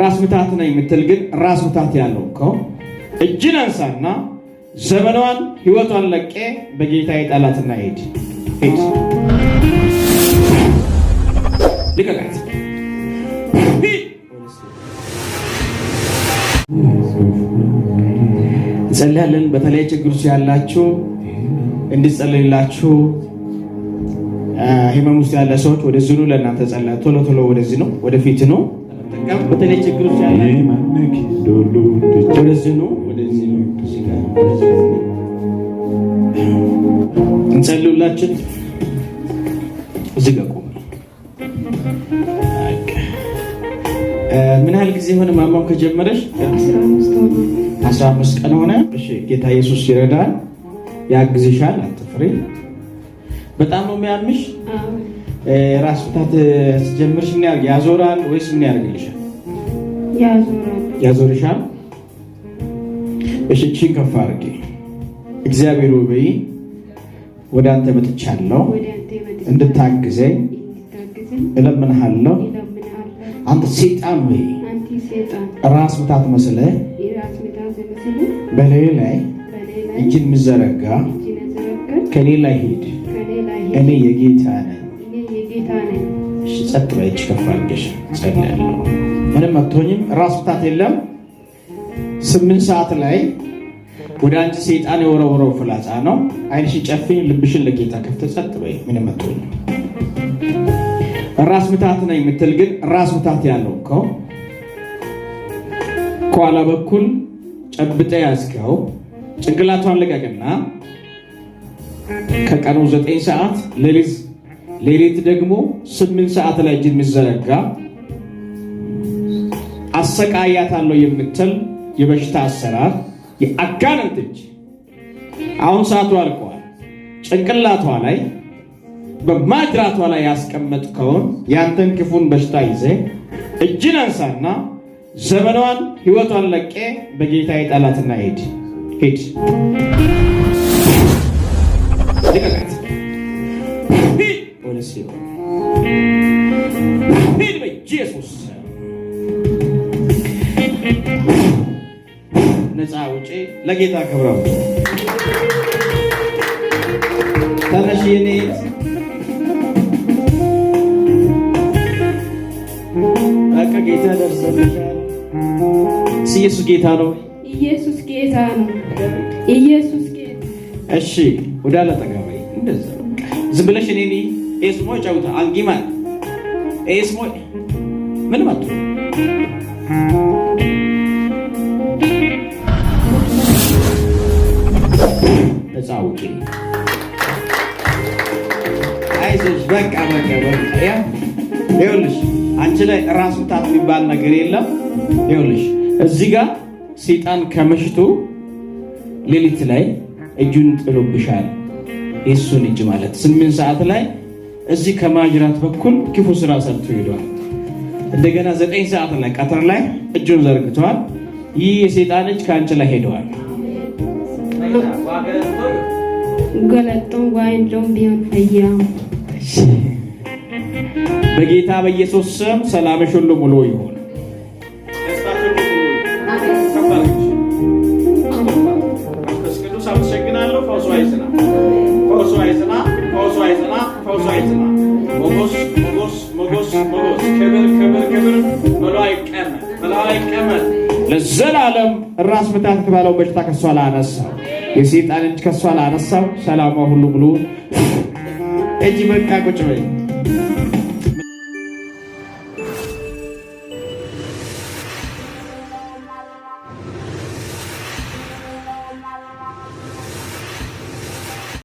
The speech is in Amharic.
ራስ ምታት ነኝ የምትል ግን ራስ ምታት ያለው እኮ እጅን አንሳና ዘመኗን ህይወቷን ለቄ በጌታ የጣላትና ሄድ ሄድ ልቀቃት። እንጸልያለን። በተለይ ችግር ውስጥ ያላችሁ እንዲጸልይላችሁ ህመም ውስጥ ያለ ሰዎች ወደዚህ ኑ። ለእናንተ ጸላ ቶሎ ቶሎ ወደዚህ ነው ወደፊት ነው በተለይ ችግር ውስጥ ወደዚህ ነው ወደዚህ ነው እንጸልዩላችን እዚህ ጋር ቆመ። ምን ያህል ጊዜ ሆነ ማማው ከጀመረሽ? አስራ አምስት ቀን ሆነ። ጌታ ኢየሱስ ይረዳል፣ ያግዝሻል። አትፍሪ። በጣም ነው የሚያምሽ ራስ ምታት ስትጀምርሽ ምን ያርግ ያዞራል ወይስ ምን ያደርግልሻል? ያዞርሻል። እሺ እቺን ከፍ አድርጊ። እግዚአብሔር ወይ ወደ አንተ መጥቻለሁ፣ እንድታግዘኝ እለምንሃለሁ። አንተ ሴጣን ወይ ራስ ምታት መስለ በላይ ላይ እጅን ምዘረጋ ከሌላ ሂድ፣ እኔ የጌታ ነኝ ጸጥ ከፍ አድርገሽ ጸልያለሁ። ምንም አትሆኝም። ራስ ምታት የለም። ስምንት ሰዓት ላይ ወደ አንቺ ሰይጣን የወረወረው ፍላጻ ነው። ዓይንሽን ጨፍኝ፣ ልብሽን ለጌታ ከፍተ ጸጥ በይ። ምንም አትሆኝም። ራስ ምታት ነው የምትል ግን ራስ ምታት ያለው ከኋላ በኩል ጨብጠ ያዝከው ጭንቅላቷን ልቀቅና ከቀኑ ዘጠኝ ሰዓት ሌሊት ሌሊት ደግሞ ስምንት ሰዓት ላይ እጅ የሚዘረጋ አሰቃያታለሁ የምትል የበሽታ አሰራር የአጋንንት እጅ አሁን ሰዓቱ አልቀዋል። ጭንቅላቷ ላይ በማድራቷ ላይ ያስቀመጥከውን ያንተን ክፉን በሽታ ይዘ እጅን አንሳና ዘመኗን ህይወቷን ለቄ በጌታ የጣላትና ሄድ ሂድ ነፃ ውጪ ለጌታ ክብረው ተነሽ የኔ በቃ ጌታ ደርሰልሻል። ኢየሱስ ጌታ ነው። ኢየሱስ ጌታ ነው። ኢየሱስ ጌታ እሺ፣ ወደ ተጋባይ እንደዛ ዝም ብለሽ እኔ ኤስሞ ጫውታ አንጊማ ኤስሞ ምን መጡ ነፃ አውጪ። አይዞሽ በቃ በቃ በቃ ያ ይኸውልሽ፣ አንቺ ላይ ራስ ምታት የሚባል ነገር የለም። ይኸውልሽ እዚህ ጋር ሴጣን ከመሽቶ ሌሊት ላይ እጁን ጥሎብሻል። የእሱን እጅ ማለት ስምንት ሰዓት ላይ እዚህ ከማጅራት በኩል ክፉ ስራ ሰርቶ ሄደዋል። እንደገና ዘጠኝ ሰዓት ላይ ቀትር ላይ እጁን ዘርግተዋል። ይህ የሴጣን እጅ ከአንቺ ላይ ሄደዋል። ገለጠው ቢሆን በጌታ በኢየሱስ ስም ሰላምሽ ሁሉ ሙሉ ይሁን። ክብር ክብር ክብር በሏ ለዘላለም ራስ ምታት የተባለው በሽታ ከሷ ላነሳው፣ የሰይጣን እጅ ከሷ ላነሳው። ሰላሟ ሁሉ ሙሉ እጅ በቃ ቁጭ በይ